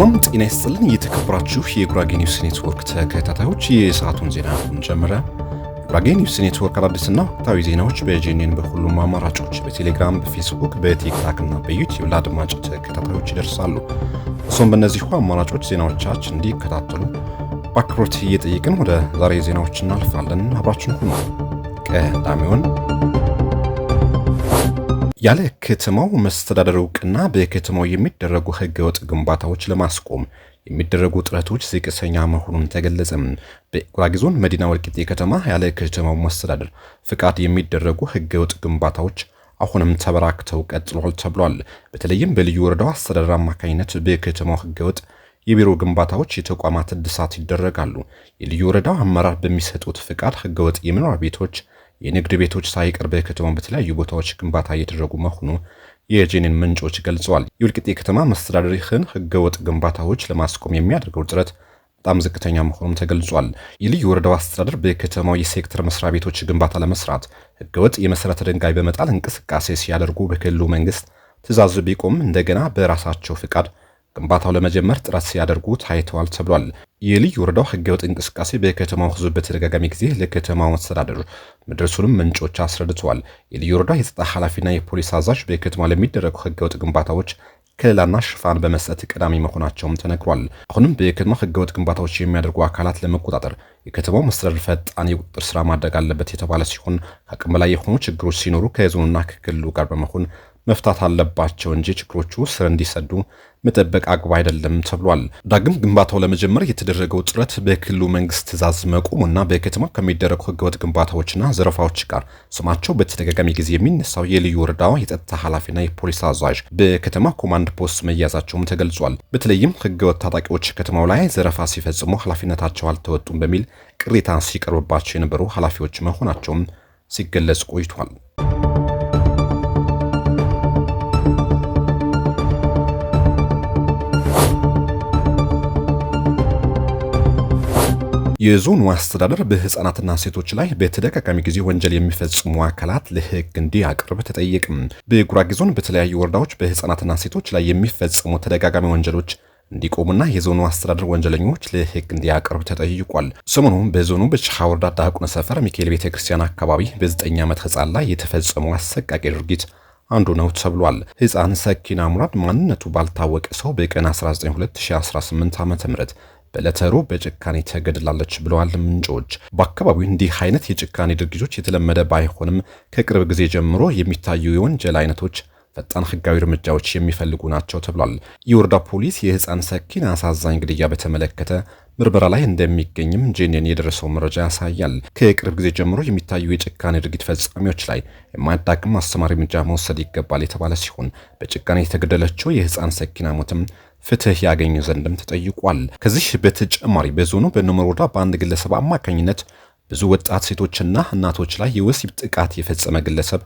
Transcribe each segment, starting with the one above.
ሰላም ጤና ይስጥልን። እየተከበራችሁ የጉራጌ ኒውስ ኔትወርክ ተከታታዮች የሰዓቱን ዜና ጀመረ። ጉራጌ ኒውስ ኔትወርክ አዳዲስና ወቅታዊ ዜናዎች በጄኔን በሁሉም አማራጮች በቴሌግራም፣ በፌስቡክ፣ በቲክታክ በቲክታክና በዩቲዩብ ለአድማጭ ተከታታዮች ይደርሳሉ። እሶም በእነዚሁ አማራጮች ዜናዎቻች እንዲከታተሉ በአክብሮት እየጠየቅን ወደ ዛሬ ዜናዎች እናልፋለን። አብራችን ሁኑ። ቀዳሚውን ያለ ከተማው መስተዳደር እውቅና በከተማው የሚደረጉ ህገወጥ ግንባታዎች ለማስቆም የሚደረጉ ጥረቶች ዝቅተኛ መሆኑን ተገለጸ። በጉራጌ ዞን መዲና ወልቂጤ ከተማ ያለ ከተማው መስተዳደር ፍቃድ የሚደረጉ ህገወጥ ግንባታዎች አሁንም ተበራክተው ቀጥሏል ተብሏል። በተለይም በልዩ ወረዳው አስተዳደር አማካኝነት በከተማው ህገወጥ የቢሮ ግንባታዎች፣ የተቋማት እድሳት ይደረጋሉ። የልዩ ወረዳው አመራር በሚሰጡት ፍቃድ ህገወጥ የመኖሪያ ቤቶች የንግድ ቤቶች ሳይቀር በከተማው በተለያዩ ቦታዎች ግንባታ እየተደረጉ መሆኑ የጄኔን ምንጮች ገልጸዋል። የወልቂጤ ከተማ መስተዳደር ይህን ህገወጥ ግንባታዎች ለማስቆም የሚያደርገው ጥረት በጣም ዝቅተኛ መሆኑም ተገልጿል። የልዩ ወረዳው አስተዳደር በከተማው የሴክተር መስሪያ ቤቶች ግንባታ ለመስራት ህገወጥ የመሰረተ ድንጋይ በመጣል እንቅስቃሴ ሲያደርጉ በክልሉ መንግስት ትዕዛዝ ቢቆም እንደገና በራሳቸው ፍቃድ ግንባታው ለመጀመር ጥረት ሲያደርጉ ታይተዋል ተብሏል። የልዩ ወረዳው ህገወጥ እንቅስቃሴ በከተማው ህዝብ በተደጋጋሚ ጊዜ ለከተማው መስተዳደር መድረሱንም ምንጮች አስረድተዋል። የልዩ ወረዳ የጸጥታ ኃላፊና የፖሊስ አዛዥ በከተማ ለሚደረጉ ህገወጥ ግንባታዎች ከሌላና ሽፋን በመስጠት ቀዳሚ መሆናቸውም ተነግሯል። አሁንም በከተማ ህገወጥ ግንባታዎች የሚያደርጉ አካላት ለመቆጣጠር የከተማው መስተዳድር ፈጣን የቁጥጥር ስራ ማድረግ አለበት የተባለ ሲሆን ከአቅም በላይ የሆኑ ችግሮች ሲኖሩ ከዞኑና ከክልሉ ጋር በመሆን መፍታት አለባቸው እንጂ ችግሮቹ ስር እንዲሰዱ መጠበቅ አግባ አይደለም ተብሏል። ዳግም ግንባታው ለመጀመር የተደረገው ጥረት በክልሉ መንግስት ትዕዛዝ ና በከተማ ከሚደረጉ ህገወጥ ግንባታዎችና ዘረፋዎች ጋር ስማቸው በተደጋጋሚ ጊዜ የሚነሳው የልዩ ወረዳዋ የጸጥታ ኃላፊና የፖሊስ አዛዥ በከተማ ኮማንድ ፖስት መያዛቸውም ተገልጿል። በተለይም ህገወጥ ታጣቂዎች ከተማው ላይ ዘረፋ ሲፈጽሙ ኃላፊነታቸው አልተወጡም በሚል ቅሬታ ሲቀርብባቸው የነበሩ ኃላፊዎች መሆናቸውም ሲገለጽ ቆይቷል። የዞኑ አስተዳደር በህፃናትና ሴቶች ላይ በተደጋጋሚ ጊዜ ወንጀል የሚፈጽሙ አካላት ለህግ እንዲያቀርብ ተጠየቅም። በጉራጌ ዞን በተለያዩ ወረዳዎች በህፃናትና ሴቶች ላይ የሚፈጽሙ ተደጋጋሚ ወንጀሎች እንዲቆሙና የዞኑ አስተዳደር ወንጀለኞች ለህግ እንዲያቀርብ ተጠይቋል። ሰሞኑም በዞኑ በጭሃ ወረዳ ዳቁነ ሰፈር ሚካኤል ቤተ ክርስቲያን አካባቢ በዘጠኝ ዓመት ህፃን ላይ የተፈጸመው አሰቃቂ ድርጊት አንዱ ነው ተብሏል። ህፃን ሰኪና ሙራድ ማንነቱ ባልታወቀ ሰው በቀን 19 2018 ዓ ም በዕለተ ሮብ በጭካኔ ተገድላለች ብለዋል ምንጮች። በአካባቢው እንዲህ አይነት የጭካኔ ድርጊቶች የተለመደ ባይሆንም ከቅርብ ጊዜ ጀምሮ የሚታዩ የወንጀል አይነቶች ፈጣን ህጋዊ እርምጃዎች የሚፈልጉ ናቸው ተብሏል። የወረዳ ፖሊስ የህፃን ሰኪን አሳዛኝ ግድያ በተመለከተ ምርመራ ላይ እንደሚገኝም ጄኔን የደረሰው መረጃ ያሳያል። ከቅርብ ጊዜ ጀምሮ የሚታዩ የጭካኔ ድርጊት ፈጻሚዎች ላይ የማያዳግም አስተማሪ እርምጃ መውሰድ ይገባል የተባለ ሲሆን በጭካኔ የተገደለችው የህፃን ሰኪና ሞትም ፍትህ ያገኙ ዘንድም ተጠይቋል። ከዚህ በተጨማሪ በዞኑ በኖመር ወረዳ በአንድ ግለሰብ አማካኝነት ብዙ ወጣት ሴቶችና እናቶች ላይ የወሲብ ጥቃት የፈጸመ ግለሰብ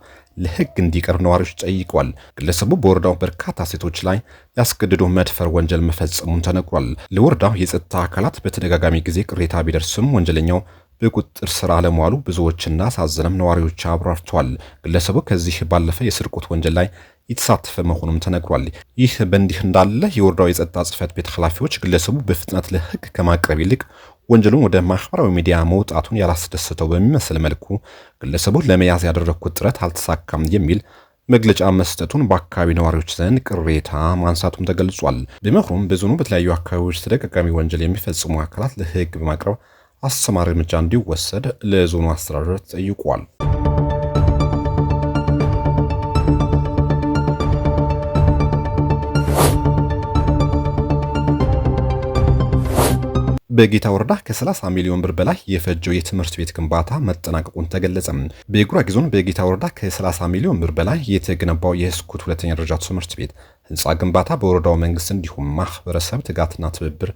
ለህግ እንዲቀርብ ነዋሪዎች ጠይቋል። ግለሰቡ በወረዳው በርካታ ሴቶች ላይ ያስገድዶ መድፈር ወንጀል መፈጸሙን ተነግሯል። ለወረዳው የጸጥታ አካላት በተደጋጋሚ ጊዜ ቅሬታ ቢደርስም ወንጀለኛው በቁጥጥር ስር አለመዋሉ ብዙዎችና አሳዘነም ነዋሪዎች አብራርተዋል። ግለሰቡ ከዚህ ባለፈ የስርቆት ወንጀል ላይ የተሳተፈ መሆኑም ተነግሯል። ይህ በእንዲህ እንዳለ የወረዳው የጸጥታ ጽሕፈት ቤት ኃላፊዎች ግለሰቡ በፍጥነት ለህግ ከማቅረብ ይልቅ ወንጀሉን ወደ ማህበራዊ ሚዲያ መውጣቱን ያላስደሰተው በሚመስል መልኩ ግለሰቡን ለመያዝ ያደረግኩት ጥረት አልተሳካም የሚል መግለጫ መስጠቱን በአካባቢ ነዋሪዎች ዘንድ ቅሬታ ማንሳቱም ተገልጿል። በመሆኑም በዞኑ በተለያዩ አካባቢዎች ተደጋጋሚ ወንጀል የሚፈጽሙ አካላት ለህግ በማቅረብ አስተማሪ እርምጃ እንዲወሰድ ለዞኑ አስተዳደር ተጠይቋል። በጌታ ወረዳ ከ30 ሚሊዮን ብር በላይ የፈጀው የትምህርት ቤት ግንባታ መጠናቀቁን ተገለጸ። በጉራጌ ዞን በጌታ ወረዳ ከ30 ሚሊዮን ብር በላይ የተገነባው የስኩት ሁለተኛ ደረጃ ትምህርት ቤት ህንፃ ግንባታ በወረዳው መንግስት እንዲሁም ማህበረሰብ ትጋትና ትብብር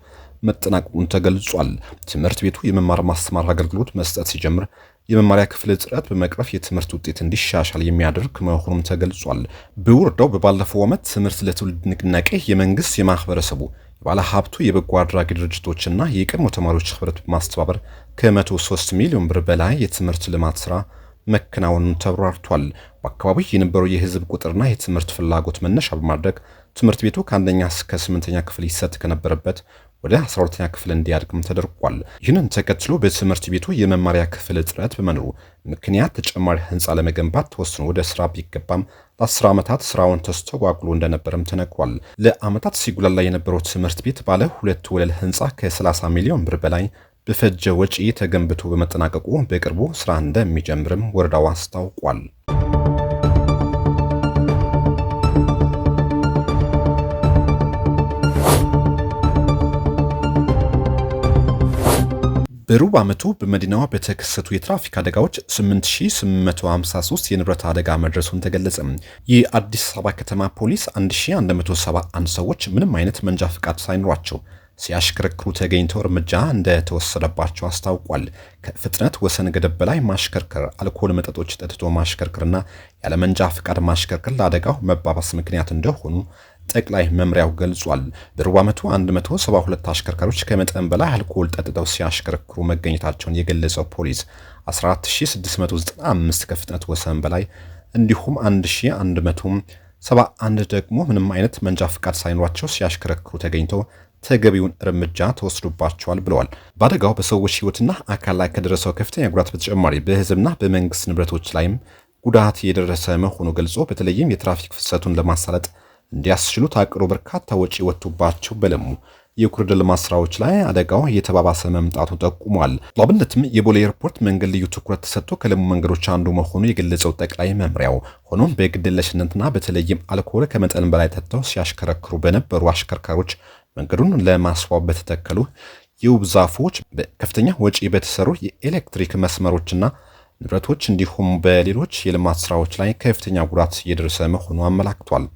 መጠናቀቁን ተገልጿል። ትምህርት ቤቱ የመማር ማስተማር አገልግሎት መስጠት ሲጀምር የመማሪያ ክፍል እጥረት በመቅረፍ የትምህርት ውጤት እንዲሻሻል የሚያደርግ መሆኑም ተገልጿል። በወረዳው በባለፈው ዓመት ትምህርት ለትውልድ ንቅናቄ የመንግስት የማህበረሰቡ የባለ ሀብቱ የበጎ አድራጊ ድርጅቶችና የቀድሞ ተማሪዎች ህብረት በማስተባበር ከ103 ሚሊዮን ብር በላይ የትምህርት ልማት ስራ መከናወኑን ተብራርቷል። በአካባቢው የነበረው የህዝብ ቁጥርና የትምህርት ፍላጎት መነሻ በማድረግ ትምህርት ቤቱ ከአንደኛ እስከ ስምንተኛ ክፍል ይሰጥ ከነበረበት ወደ 12ኛ ክፍል እንዲያድግም ተደርጓል። ይህንን ተከትሎ በትምህርት ቤቱ የመማሪያ ክፍል እጥረት በመኖሩ ምክንያት ተጨማሪ ህንፃ ለመገንባት ተወስኖ ወደ ስራ ቢገባም ለአስር ዓመታት ስራውን ተስተጓጉሎ እንደነበረም ተነግሯል። ለአመታት ሲጉላላ የነበረው ትምህርት ቤት ባለ ሁለት ወለል ህንፃ ከ30 ሚሊዮን ብር በላይ በፈጀ ወጪ ተገንብቶ በመጠናቀቁ በቅርቡ ስራ እንደሚጀምርም ወረዳው አስታውቋል። በሩብ ዓመቱ በመዲናዋ በተከሰቱ የትራፊክ አደጋዎች 8853 የንብረት አደጋ መድረሱን ተገለጸ። የአዲስ አበባ ከተማ ፖሊስ 1171 ሰዎች ምንም አይነት መንጃ ፍቃድ ሳይኖራቸው ሲያሽከረክሩ ተገኝተው እርምጃ እንደተወሰደባቸው አስታውቋል። ከፍጥነት ወሰን ገደብ በላይ ማሽከርከር፣ አልኮል መጠጦች ጠጥቶ ማሽከርከርና ያለመንጃ ፍቃድ ማሽከርከር ለአደጋው መባባስ ምክንያት እንደሆኑ ጠቅላይ መምሪያው ገልጿል። በሩብ ዓመቱ 172 አሽከርካሪዎች ከመጠን በላይ አልኮል ጠጥተው ሲያሽከረክሩ መገኘታቸውን የገለጸው ፖሊስ 14695 ከፍጥነት ወሰን በላይ እንዲሁም 1171 ደግሞ ምንም አይነት መንጃ ፈቃድ ሳይኖራቸው ሲያሽከረክሩ ተገኝተው ተገቢውን እርምጃ ተወስዶባቸዋል ብለዋል። በአደጋው በሰዎች ሕይወትና አካል ላይ ከደረሰው ከፍተኛ ጉዳት በተጨማሪ በሕዝብና በመንግስት ንብረቶች ላይም ጉዳት የደረሰ መሆኑ ገልጾ በተለይም የትራፊክ ፍሰቱን ለማሳለጥ እንዲያስችሉ ታቅዶ በርካታ ወጪ ወጥቶባቸው በለሙ የኩርድ ልማት ስራዎች ላይ አደጋው እየተባባሰ መምጣቱ ጠቁሟል። ለአብነትም የቦሌ ኤርፖርት መንገድ ልዩ ትኩረት ተሰጥቶ ከለሙ መንገዶች አንዱ መሆኑ የገለጸው ጠቅላይ መምሪያው፣ ሆኖም በግድለሽነትና በተለይም አልኮል ከመጠን በላይ ጠጥተው ሲያሽከረክሩ በነበሩ አሽከርካሪዎች መንገዱን ለማስዋብ በተተከሉ የውብ ዛፎች፣ በከፍተኛ ወጪ በተሰሩ የኤሌክትሪክ መስመሮችና ንብረቶች እንዲሁም በሌሎች የልማት ስራዎች ላይ ከፍተኛ ጉዳት እየደረሰ መሆኑ አመላክቷል።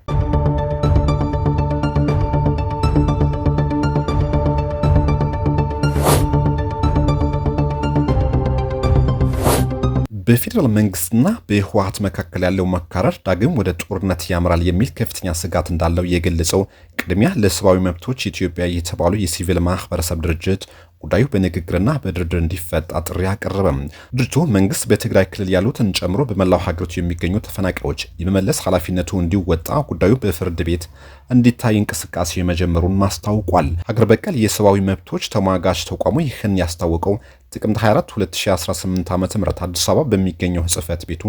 በፌዴራል መንግስትና በህወሀት መካከል ያለው መካረር ዳግም ወደ ጦርነት ያምራል የሚል ከፍተኛ ስጋት እንዳለው የገለጸው ቅድሚያ ለሰብአዊ መብቶች ኢትዮጵያ የተባሉ የሲቪል ማህበረሰብ ድርጅት ጉዳዩ በንግግርና በድርድር እንዲፈጣ ጥሪ አቀረበም። ድርጅቱ መንግስት በትግራይ ክልል ያሉትን ጨምሮ በመላው ሀገሪቱ የሚገኙ ተፈናቃዮች የመመለስ ኃላፊነቱ እንዲወጣ ጉዳዩ በፍርድ ቤት እንዲታይ እንቅስቃሴ መጀመሩን ማስታውቋል። ሀገር በቀል የሰብአዊ መብቶች ተሟጋች ተቋሙ ይህን ያስታወቀው ጥቅምት 24 2018 ዓ ም አዲስ አበባ በሚገኘው ጽህፈት ቤቱ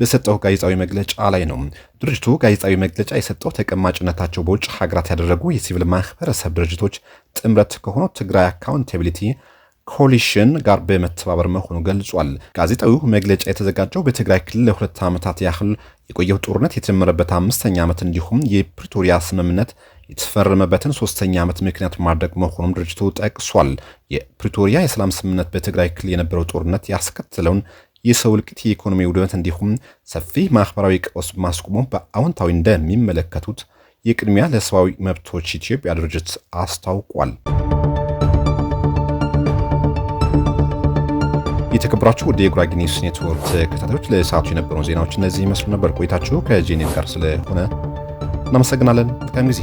በሰጠው ጋዜጣዊ መግለጫ ላይ ነው። ድርጅቱ ጋዜጣዊ መግለጫ የሰጠው ተቀማጭነታቸው በውጭ ሀገራት ያደረጉ የሲቪል ማህበረሰብ ድርጅቶች ጥምረት ከሆነው ትግራይ አካውንታቢሊቲ ኮሊሽን ጋር በመተባበር መሆኑ ገልጿል። ጋዜጣዊው መግለጫ የተዘጋጀው በትግራይ ክልል ለሁለት ዓመታት ያህል የቆየው ጦርነት የተጀመረበት አምስተኛ ዓመት እንዲሁም የፕሪቶሪያ ስምምነት የተፈረመበትን ሶስተኛ ዓመት ምክንያት ማድረግ መሆኑን ድርጅቱ ጠቅሷል። የፕሪቶሪያ የሰላም ስምምነት በትግራይ ክልል የነበረው ጦርነት ያስከትለውን የሰው እልቂት፣ የኢኮኖሚ ውድመት እንዲሁም ሰፊ ማኅበራዊ ቀውስ ማስቆሙ በአዎንታዊ እንደሚመለከቱት የቅድሚያ ለሰብአዊ መብቶች ኢትዮጵያ ድርጅት አስታውቋል። የተከበራችሁ ወደ የጉራጌ ኒውስ ኔትወርክ ተከታታዮች ለሰዓቱ የነበሩ ዜናዎች እነዚህ ይመስሉ ነበር። ቆይታችሁ ከጄኔት ጋር ስለሆነ እናመሰግናለን። ከም ጊዜ